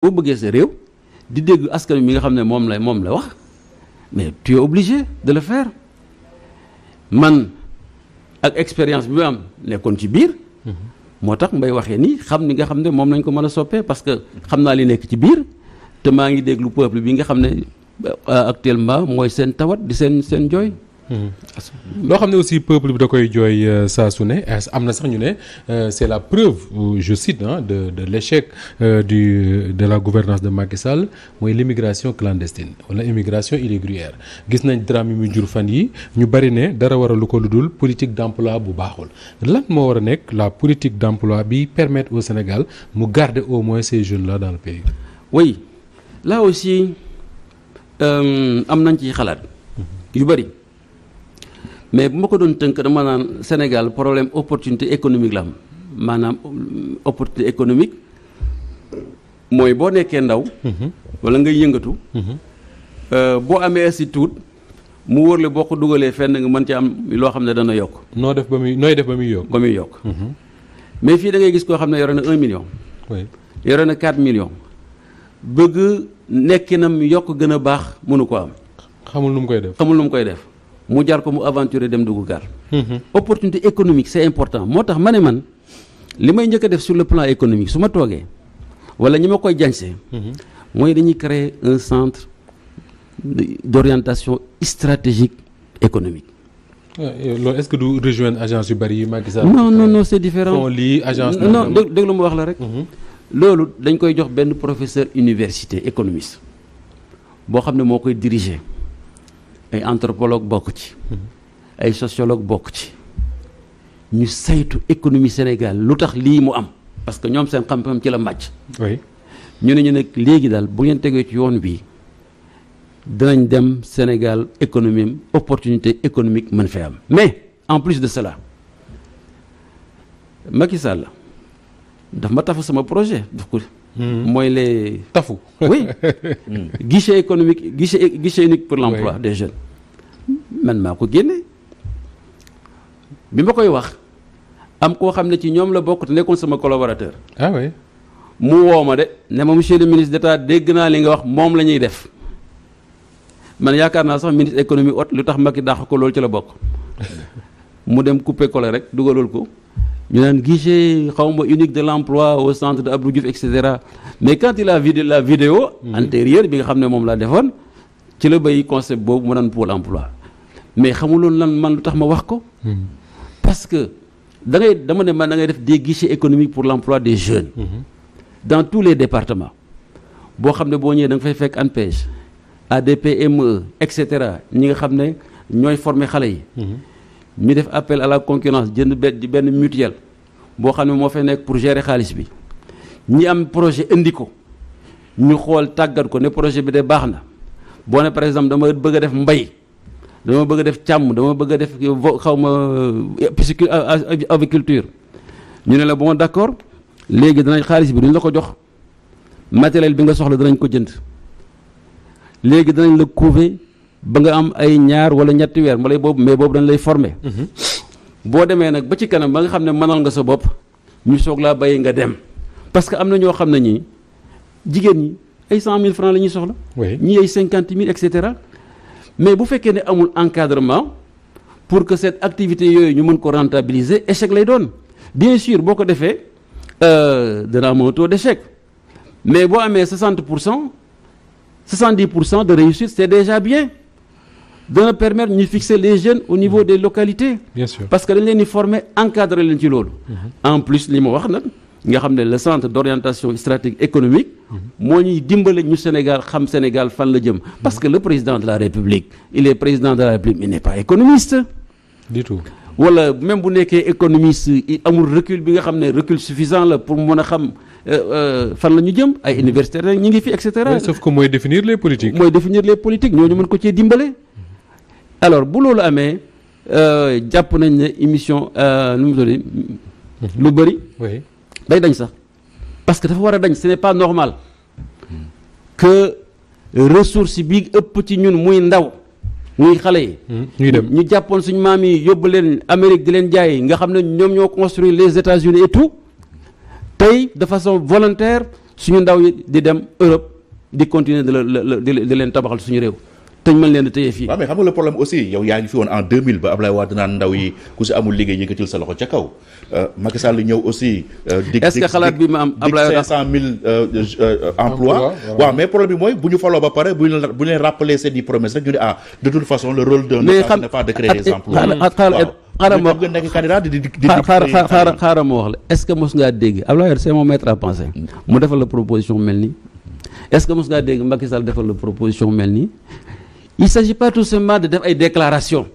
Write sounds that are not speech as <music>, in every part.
boo bëggee sa réew di dégg askan bi nga xam ne moom la moom la wax mais tu es obligé de le faire man ak expérience bi ma am nekkoon ci biir. moo tax mbay waxee nii xam ni nga xam ne moom lañ ko mën a soppee parce que xam naa li nekk ci biir te maa ngi déglu peuple bi nga xam ne euh, actuellement mooy seen tawat di seen seen jooy. loo xam ne aussi peuple bi da koy jooy euh, saa su ne am na sax ñu ne euh, c'est la preuve je cite ah de de l'échec euh, du de la gouvernance de Macky Sall mooy l'immigration clandestine wala immigration irrégulière gis nañ drame yi mu jur fan yi ñu bari ne dara war lu ko lu dul politique d'emploi bu baaxul lan moo war a nekk la politique d'emploi bi permettre au Sénégal mu garder au moins ces jeunes là dans le pays. oui là aussi am nañ ci xalaat yu bari. mais bu ma ko doon tënk dama naan Sénégal problème opportunité économique la am maanaam euh, opportunité économique mooy boo nekkee ndaw. Mhm. wala ngay yëngatu. Mhm. Euh, boo amee institut mu wóor la boo ko dugalee fenn nga mën ci am loo xam ne dana yokk. noo def ba muy nooy def ba muy yokk. ba muy yokk. Mhm. mais fii dangay gis koo xam ne yore na 1 million. oui yore na 4 millions. bëgg nekkinam yokk gën a baax mënu ko am. xamul nu mu koy def xamul nu mu koy def. mu jaar ko mu aventurer dem dugg gaar mhm. opportunité économique c'est important moo tax ma ne man li may njëkk def sur le plan économique su ma toogee wala ñi ma koy jañse mhm. mooy dañuy créer un centre d'orientation stratégique économique loolu est-ce que du rejoindre agence yu bari yi Macky Sall non non non c'est différent lii agence non ma wax la rek mhm. loolu dañ koy jox benn professeur université économiste boo xam ne moo koy diriger ay anthropologue bokk ci ay sociologue bokk ci ñu saytu économie Sénégal lu tax lii mu am parce que ñoom seen xam-xam ci la màcc ñu ne ñu nag léegi daal bu ngeen tegee ci yoon bii dinañ dem Sénégal économie opportunité économique man fee am mais en plus de cela Macky Sall daf ma tafu sama projet daf hmm. mooy les tafu oui <laughs> hmm. guichet économique guichet guichet unique pour l'emploi ouais. des jeunes man maa ko génne bi ma koy wax am koo xam ne ci ñoom la bokk te nekkoon sama collaborateur. Ah mu woo ma de ne ma monsieur le de d'État dégg naa li nga wax moom la ñuy def man yaakaar naa sax ministre économie ot lu tax Macky dàq ko loolu ci la bokk <laughs> mu dem coupé collé rek dugalul ko. ñu naan guichet xaw ma unique de l'emploi au centre de Abdou Diouf et cetera mais quand il a vu la vidéo mm-hmm. antérieure bi nga xam ne moom laa defoon ci la bay concept boobu mu naan pôle emploi mais xamuloon lan man lu tax ma wax ko. Hmm. parce que da ngay dama ne man da ngay def des guichets pour l' emploi des jeunes. Hmm. dans tous les départements. boo xam ne boo ñëwee da fay fekk ANPEJ ADPME et cetera ñi nga xam ne ñooy former xale yi. Hmm. ñu def appel à la concurrence jënd benn benn mutuelle boo xam ne moo fay nekk pour gérer xaalis bi ñi am projet indi ko ñu xool tàggat ko ne projet bi de baax na boo ne par exemple dama bëgg a def mbay. dama bëgg a def càmm dama bëgg a def xaw ma eh, piscicu ah, ah, eh, aviculture ñu ne la bon d'accord léegi danañ xaalis bi duñ la ko jox matériel bi nga soxla danañ ko jënd léegi danañ la couver ba nga am ay ñaar wala ñetti weer wala boobu mais boobu dañ lay former. Mhm. boo demee nag ba ci kanam ba nga xam ne mënal nga sa bopp ñu soog laa bàyyi nga dem parce que am na ñoo xam ne ñii jigéen ñi ay cent mille francs la ñuy soxla. ñii ay cinquante mille et cetera. mais bu fekkee ne amul encadrement pour que cette activité yooyu ñu mën ko rentabiliser échec lay doon bien sûr boo ko defee euh, dana am un taux d'échec mais boo amee 60 pour cent 70 pour cent de réussite c'est déjà bien dana permettre ñu fixer les jeunes au niveau mmh. des localités. bien parce que dañ leen di former encadrer leen ci loolu. Mmh. en plus li ma wax nag. nga xam ne le centre d'orientation stratégique économique moo ñuy dimbale ñu Sénégal xam Sénégal fan la jëm parce que le président de la République il est président de la République il n'est pas économiste du tout wala même bu nekkee économiste amul recule bi nga xam ne recule suffisant la pour mu mën a xam euh, euh, fan la ñu jëm ay universitaires rek ñu ngi fi et cetera. sauf que mooy définir les politiques. mooy définir les politiques ñ mën ko cee dimbale. bu loolu amee euh, jàpp nañ ne émission lu bëri. day dañ sax parce que dafa war a dañ ce n'est pas normal que ressource bi ëpp ci ñun muy ndaw muy xale yi. Hmm, ñuy dem ñu jàppoon suñ maam yi yóbbu leen Amérique di leen jaay nga xam ne ñoom ñoo construire les États-Unis et tout tey de façon volontaire suñu ndaw yi di dem Europe di continuer di la di leen tabaxal suñu réew. te ñu mën leen di téye fii. waaw mais xam nga le bu ñu ba pare bu bu ñu leen rappeler seen i promesses rek ñu ne ah de toute façon de créer des emplois xaaral ma wax la est mos ngaa dégg Abdoulaye Wade c'est mon maître à penser mu defal la proposition mel nii est mos ngaa dégg Macky defal la proposition mel nii il s'agit pas tout simplement de def ay déclaration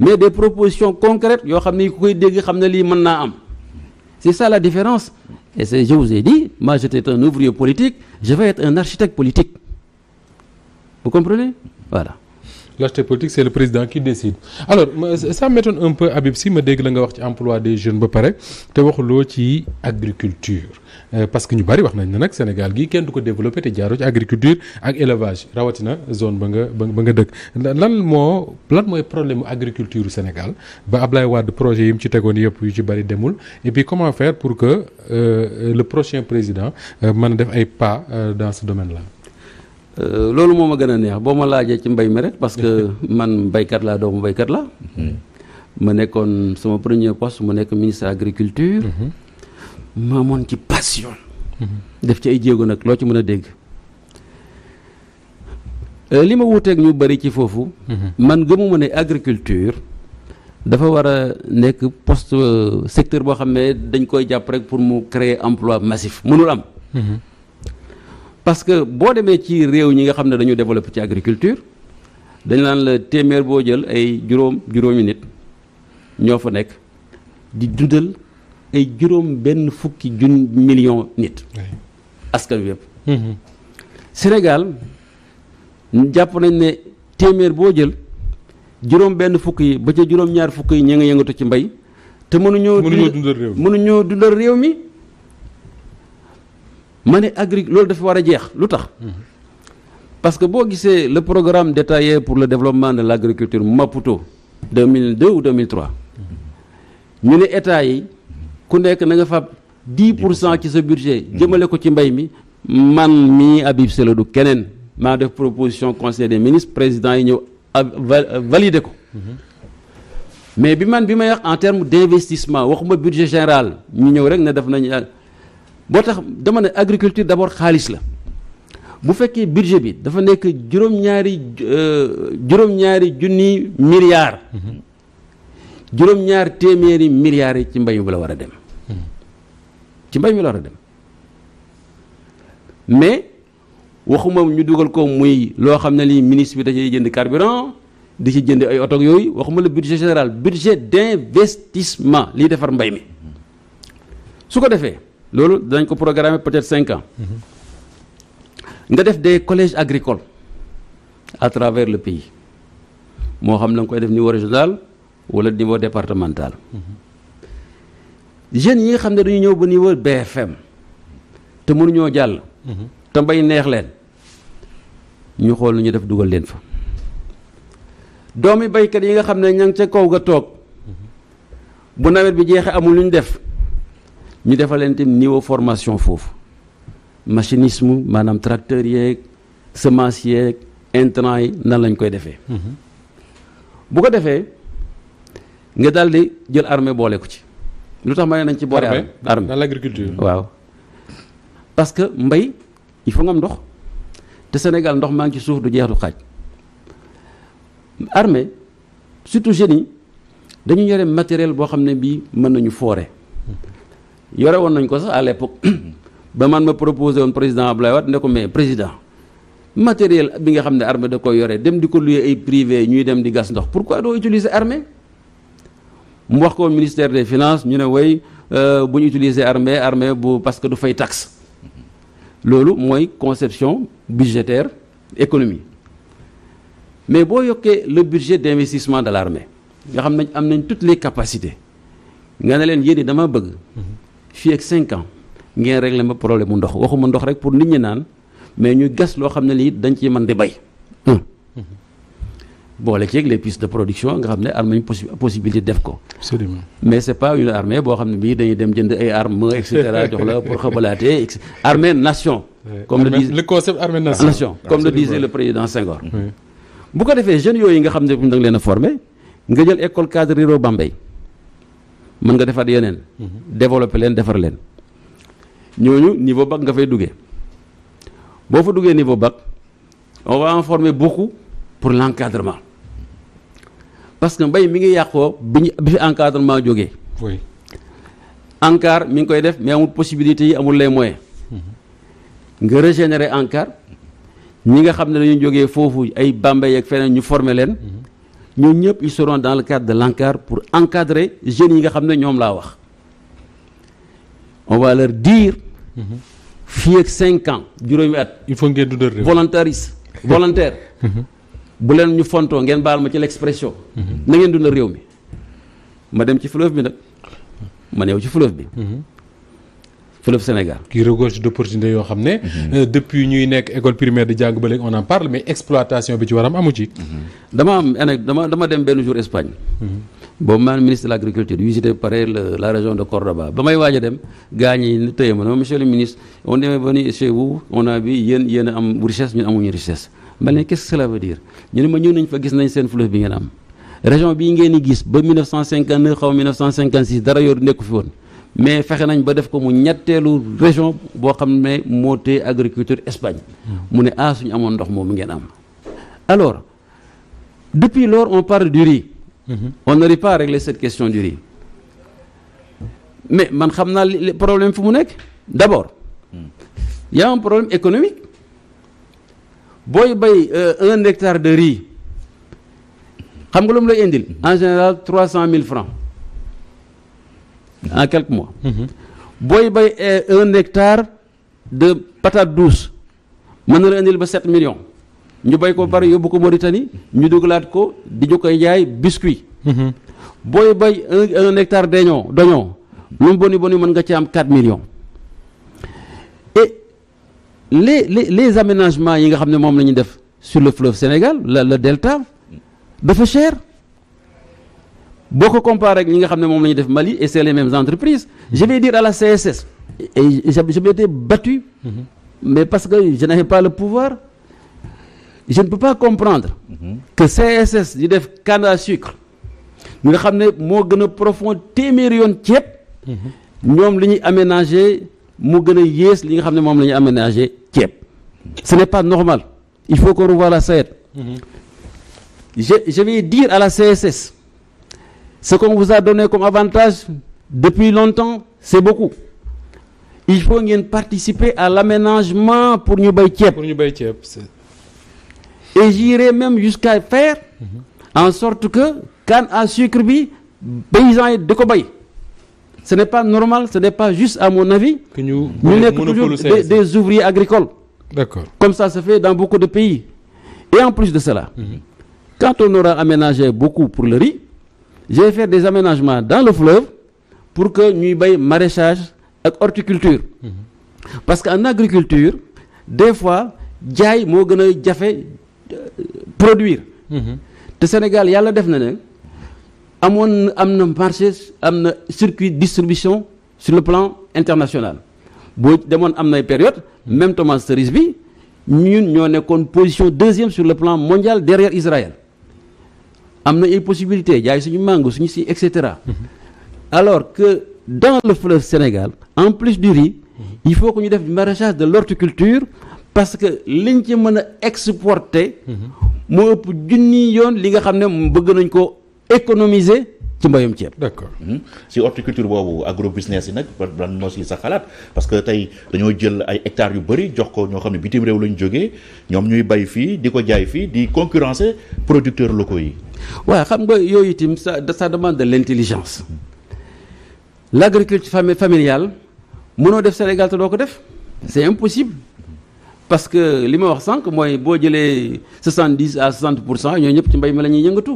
mais des propositions concrètes yoo xam ne ku koy dégg xam na lii mën naa am c'est ça la différence et c'est je vous ai dit moi j'étais un ouvrier politique je vais être un architecte politique vous comprenez l'aspect politique le président qui décide alors ça m'étonne un peu Habib Sy ma nga wax ci emploi des jeunes ba pare te waxuloo ci agriculture euh, parce que ñu bari wax nañ ne nag Sénégal gii kenn du ko développé te jaaroo agriculture ak élevage rawatina zone ba nga ba nga dëkk lan moo lan mooy problème agriculture Sénégal ba ab Ablaye Wade projet yi mu ci tegoon yëpp yu ci bari demul et puis comment faire pour que euh, le prochain président euh, man a def ay pas dans ce domaine-là Euh, loolu moom ma gën a neex boo ma laajee ci mbay mi rek parce que <laughs> man béykat laa doomu béykat la hmm. ma nekkoon sama premier poste mu nekk ministre agriculture hmm. ma amoon ci passion hmm. def ci ay jéego nag loo ci mën a dégg euh, li ma wuuteeg ñu bëri ci foofu man gëmuma ne agriculture dafa war a nekk post euh, secteur boo xam ne dañ koy jàpp rek pour mu créer emploi massif mënul am parce que boo demee ci réew ñi nga xam ne dañu développé ci agriculture dañ naan la téeméer boo jël ay juróom juróomi nit ñoo fa nekk di dundal ay juróom benn million nit askan wi yëpp mm-hmm. Sénégal jàpp nañ ne téeméer boo jël juróom benn fukk yi ba ca juróom ñaar fukk yi ñu ngi yëngatu ci mbay te mënuñoo dundal réew mi mënuñoo dundal réew mi ma ne agri loolu dafa war a jeex lu tax parce que boo gisee le programme détaillé pour le développement de l' agriculture Maputo 2002 ou 2003 ñu ne état yi ku nekk na nga fab 10 pour cent ci sa budget jëmale ko ci mbay mi man mii Habib Selo du keneen maa def proposition conseil des ministres président yi ñëw validé ko mais bi man bi may wax en terme d' investissement waxuma budget général ñu ñëw rek ne def nañu boo tax dama ne agriculture d'abord xaalis la bu fekkee budget bi dafa nekk juróom-ñaari euh, juróom-ñaari junni milliards juróom-ñaar téeméeri milliards yi ci mbay mi la war a dem ci mbay mi la war a dem mais waxuma ñu dugal ko muy loo xam ne lii ministre bi dañuy ciy jënd carburant di ci jënd ay oto yooyu waxuma la budget général budget d'investissement liy defar mbay mi su ko defee loolu dañ ko programmer peut-être cinq ans nga def des collèges agricole à travers le pays moo xam na nga koy def niveau régional wala niveau départemental jeunes yi nga xam ne dañu ñëw ba niveau BFM te mënuñoo jàll te mbay neex leen ñu xool lu ñu def dugal leen fa doomi baykat yi nga xam ne ña ngi ca kaw ga toog bu nawet bi jeexee amul lu ñu def ñu defal leen tamit niveau formation foofu machinisme maanaam tracteur yeeg semence yeeg intrant yi nan lañ koy defee. Mhm. bu ko defee nga daal di jël armée boole ko ci. lu tax ma ne nañ ci boole. armée armée waaw parce que mbay il faut nga am ndox te Sénégal ndox maa ngi ci suuf du jeex du xaaj armée surtout jeunes yi dañu yore matériel boo xam ne bii mën nañu foore yore woon nañ ko sax à l'époque <clears throat> ba man ma proposé woon président Ablaye Wade ne ko mais président matériel bi nga xam ne armée da koy yore dem di ko luye ay privé ñuy dem di gas ndox pourquoi doo utiliser armée mu wax ko ministère des finance ñu ne way euh, bu ñu utiliser armée armée bu parce que du fay taxe loolu mooy conception budgétaire économie mais boo yokkee le budget d' investissement de l' armée nga xam nañ am nañ toutes les capacités nga ne leen yéen dama bëgg mm-hmm. fii ak 5 ans ngeen réglé ma problème mu ndox waxuma ndox rek pour nit ñi naan mais ñu gas loo xam ne lii dañ ci man di bay. boole ceeg les pistes de production nga xam ne am nañu possibilité def ko. absolument mais c' pas une armée boo xam ne bii dañuy dem jënd ay armes et cetera <laughs> jox la pour xabalaatee armée nation. comme le disait le nation. comme le disait le président Senghor. bu ko defee jeunes yooyu nga xam ne da nga leen forme nga jël école cadre Riro Bambey. mën nga defar yeneen. développer leen defar leen ñooñu niveau bac nga fay duggee boo fa duggee niveau bac on va en pour l' encadrement parce que mbay mi ngi yàqoo bi ñu bi fi encadrement jógee. oui mi ngi koy def mais amul possibilité yi amul les moyens. nga régénérer ANCAR mi nga xam ne dañuy jógee foofu ay Bambey ak feneen ñu former leen. ñoo ñëpp ils seront dans le cadre de l'ANCAR pour encadrer jeunes yi nga xam ne ñoom laa wax on va leur dire mhm. fii ak cinq ans juróomi at il faut ngeen dundal réew <laughs> volontaire mhm. bu leen ñu fontoo ngeen baal ma ci l'expression mhm. na ngeen dundal réew mi ma dem ci fleuve bi nag ma neew ci fleuve bi fële Sénégal. qui regorge d'opportunités yoo xam ne. Mhm. Euh, depuis ñuy nekk école primaire di jàng ba léegi on en parle mais exploitation bi ci waram amu ci. Mhm. dama am dama dama dem benn jour Espagne. Mhm. boobu maa ministre de l' agriculture visité pare la région de Cordoba ba may waaj a dem gars ñi tëye ma ne ma monsieur le ministre on est venu chez vous on a vu yéen yéen a am richesse ñun amuñu richesse. ma ne qu'est-ce que xaw dara yor nekku fi mais fexe nañ ba def ko mu ñetteelu région boo xam ne moo tee agriculture Espagne mu ne ah suñu amoon ndox moomu ngeen am alors depuis lors on parle du riz mm -hmm. on n'arrive pas régler cette question du riz mais man xam naa li problème fu mu nekk d'abord mm. y a un problème économique booy bay euh, un hectare de riz xam nga lu mu lay indil mm. en général trois cent mille francs en quelques mois. Mm-hmm. booy bay eh, un hectare de patate douce mën na la indil ba 7 millions. ñu bay ko bari yóbbu ko Mauritanie ñu dugalaat ko di ñu koy jaay biscuit. Mm-hmm. booy bay un un hectare d'oignon d'oignon lu mu boni boni mën nga ci am 4 millions. et les les les aménagements yi nga xam ne moom la ñu def sur le fleuve Sénégal la le delta dafa cher. boo ko comparé ak ñi nga xam ne moom la ñuy def Mali et c'est les mêmes entreprises je vais dire à la CSS et mm-hmm. mais parce que je n'avais le pouvoir je ne comprendre mm-hmm. que CSS di def canne à mi nga xam ne moo gën a profond téeméeri yoon ceeb mm-hmm. ñoom li ñuy aménager mu gën a yées li nga xam ne moom la ñuy aménager ceeb ce n'est pas normal il faut qu'on revoie la je vais dire à la CSS ce qu'on vous a donné comme avantage depuis longtemps c'est beaucoup il faut ngeen participer à l'aménagement pour ñu bay ceeb ñu bay ceeb et j'irai même jusqu'à faire mhm. en sorte que canne à sucre bi paysans yi de ko bay ce n'est pas normal ce n'est pas juste à mon avis ñu nekk toujours des, des ouvriers agricoles d'accord comme ça se fait dans beaucoup de pays et en plus de cela mm -hmm. quand on aura aménagé beaucoup pour le riz je vais des aménagements dans le fleuve pour que ñuy bay maraîchage ak horticulture mm-hmm. parce que en agriculture des fois jaay moo gën a jafe euh, produire mm-hmm. te Sénégal yàlla def na ne amoon am na marché am na circuit distribution sur le plan international boo demoon am na période même tomate cerise bi ñun ñoo nekkoon position deuxième sur le plan mondial derrière Israël am na ay possibilité jaay suñu mango suñu si et cetera mm-hmm. alors que dans le fleuve Sénégal en plus du riz mm-hmm. il faut que ñu def maraîchage de l'horticulture parce que liñ ci mën a exporter mm-hmm. moo ëpp junni yoon li nga xam ne bëgg nañ ko économiser ci mbayum ceeb d'accord si horticulture boobu agro business yi nag lan moo si sa xalaat parce que tey dañoo jël ay hectares yu bëri jox ko ñoo xam ne bitim réew lañu jógee ñoom ñuy bay fii di ko jaay fii di concurrencer producteurs locaux yi waaw xam nga yooyu itam sa ça demande de l'intelligence l' agriculture fami familiale mënoo def Sénégal te doo ko def c' est impossible parce que li ma wax sànq mooy boo jëlee soixante dix à soixante pour cent ñooñu ñëpp ci mbay mi la ñuy yëngatu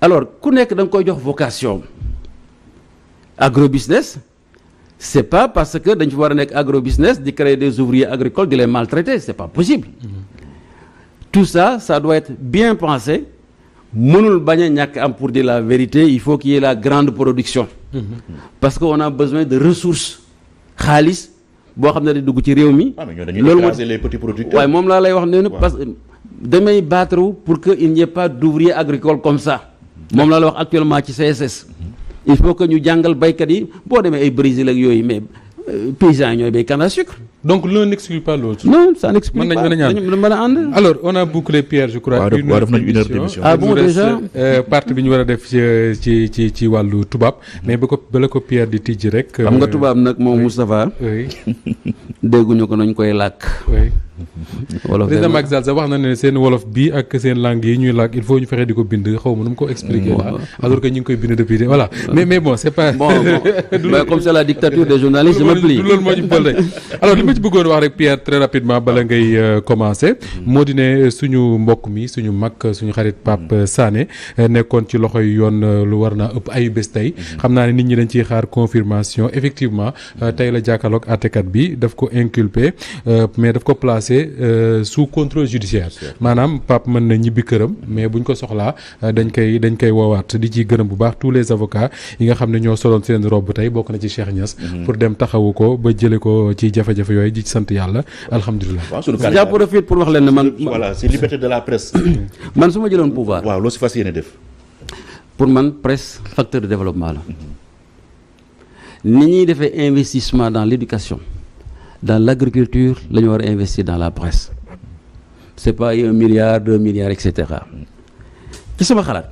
alors ku nekk da nga koy jox vocation agrobusiness c' est pas parce que dañ fi war a nekk agrobusiness di créer des ouvriers agricoles di les maltraiter c' pas possible mm-hmm. tout ça ça doit bien pensé. mënul bañ a ñàkk am pour de la vérité il faut qu'il y la grande production parce que on a besoin de ressources xaalis boo xam ne day dugg ci réew mi ah, loolu waaye moom laa lay wax ne parce que damay battre pour que il n'y ait pas d'ouvriers agricoles comme ça moom laa la wax actuellement ci CSS il faut que ñu jàngal baykat yi boo demee ay Brésil ak yooyu mais euh, paysans yi ñooy béy canne sucre donc l'un n'exclut pas l'autre. non ça n'exclut pas mën a ànd. alors on a bouclé Pierre je crois. waaw def nañu une heure d'émission ah bon déjà euh, partie bi ñu war a def ci euh, ci ci wàllu tubaab. Mm-hmm. mais ba ko bala ko Pierre di tijji rek. xam nga euh, tubaab nag moom Moustapha. <laughs> dégguñu ko nañu koy làkk. wolof président Macky Sall wax na ne seen wolof bi ak seen langue yi ñuy làkk il faut ñu fexe di ko bind xaw ma nu mu ko expliquer la alors que ñu ngi koy bind depuis voilà ah. mais mais bon <laughs> <laughs> moo li ma ci bëggoon wax rek Pierre très rapidement bala ngay euh, commencer hmm. moo di ne euh, suñu mbokk mi suñu mag suñu xarit Pape hmm. Sané euh, nekkoon ci loxoy yoon lu war naa ëpp ay bés tey hmm. xam naa ne nit ñi dañ ciy xaar confirmation effectivement tey la jàkkaarloog àttekat bi daf ko inculpé mais daf ko placé su euh, sous contrôle judiciaire maanaam Pape mën na ñibbi këram mais buñ ko soxlaa euh, dañ koy dañ koy woowaat di ciy gërëm bu baax tous les avocats yi nga xam ne ñoo soloon seen robb tey bokk na ci Cheikh Niass mhm. pour dem taxawu ko ba jële ko ci jafe-jafe yooyu di sant yàlla alhamdulilah j'en profite pour wax leen ne man voilà c'est de la presse <coughs> man su ma jëloon pouvoir waaw fas yéene def pour man presse facteur de développement la mhm. ni ñuy defee investissement dans l'éducation dans l' agriculture la ñu war a dans la presse c' est pas un milliard deux milliards et cetera ci sama xalaat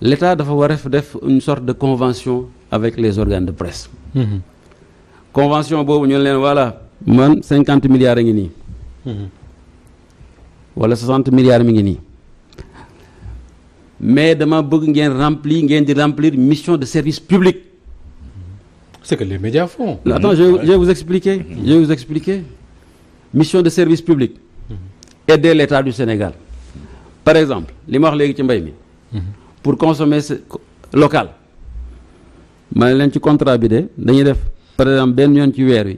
l' état dafa war a def une sorte de convention avec les organes de presse. Mm-hmm. convention boobu ñu leen voilà man cinquante milliards a ngi nii. Mm-hmm. wala soixante milliards mi ngi nii. mais dama bëgg ngeen remplir ngeen di remplir mission de service public. C'est que les médias font. Là, attends, je, je, vais vous expliquer. Mmh. Je vais vous expliquer. Mission de service public. Mmh. Aider l'État du Sénégal. Par exemple, li ma wax léegi ci mbay mi. Mhm. Pour consommer local. ma ne leen ci contrat bi de dañuy def par exemple benn yoon ci weer wi.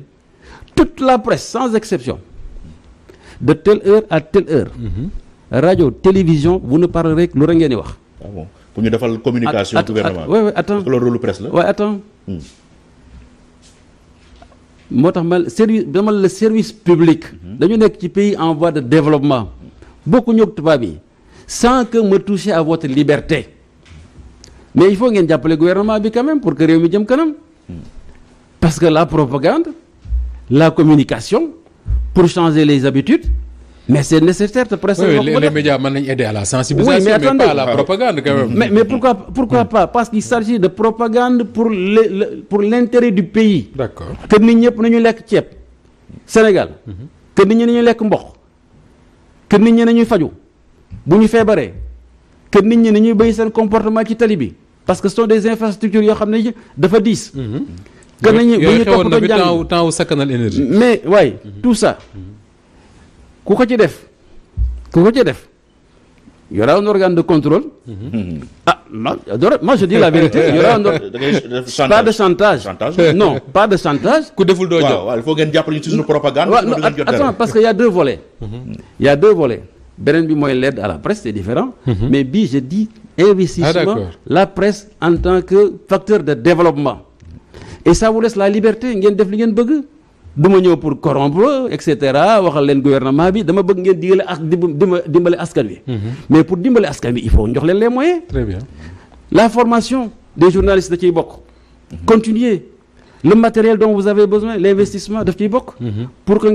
toute la presse sans exception. de telle heure à telle heure. Mhm. radio télévision vous ne parlerez que lu rek ngeen di wax. ah bon pour ñu defal communication. gouvernement oui oui attends loolu rôle presse la. oui attends. Hmm. moo tax ma service dama la service public. Mhm. dañu nekk ci pays en voie de développement. bokku ak tubaab yi sans que ma toucher à votre liberté mais il faut ngeen jàppale gouvernement bi quand même pour que réew mi jëm kanam. Mhm. parce que la propagande la communication pour changer les habitudes. mais c' est nécessaire te presse. Oui, les, les médias mën nañu aider à la sensibilisation. Oui, mais, attendez, mais pas la propagande mais pourquoi pourquoi pas parce qu'il de propagande pour le pour l' intérêt du pays. d' accord que nit ñëpp nañu lekk ceeb Sénégal. que nit ñi nañu lekk mboq. que nit ñi nañuy faju bu ñu feebaree que nit ñi nañuy béy seen comportement ci tali bi parce que ce sont des infrastructures yoo xam ne dafa diis. que nañu bu ñu toppatoo jàng yooyu xewoon na bi temps wu sakkanal mais waaye ouais, ça. ku ko ci def ku ko ci def y aura un organe de contrôle. Mm-hmm. ah man moi je dis la vérité y aura un pas de chantage. chantage non pas de chantage. ku deful doo jot il faut ngeen jàppale ñu propagande. non parce que a deux volets. Mm-hmm. y a bi mooy l'aide à la presse c'est différent. Mm-hmm. mais bii je dis investissement ah, la presse en tant que facteur de développement. et ça vous laisse la liberté ngeen def li ngeen bëgg. du ma ñëw pour corrompre et cetera waxal leen gouvernement bi dama bëgg ngeen digale ak dimbale askan wi. Mhm. mais pour dimbale askan wi il faut njox leen les moyens. la formation des journalistes da ciy bokk. Mhm. continuer le matériel dont vous avez besoin l' investissement daf ciy bokk. Mhm. pour que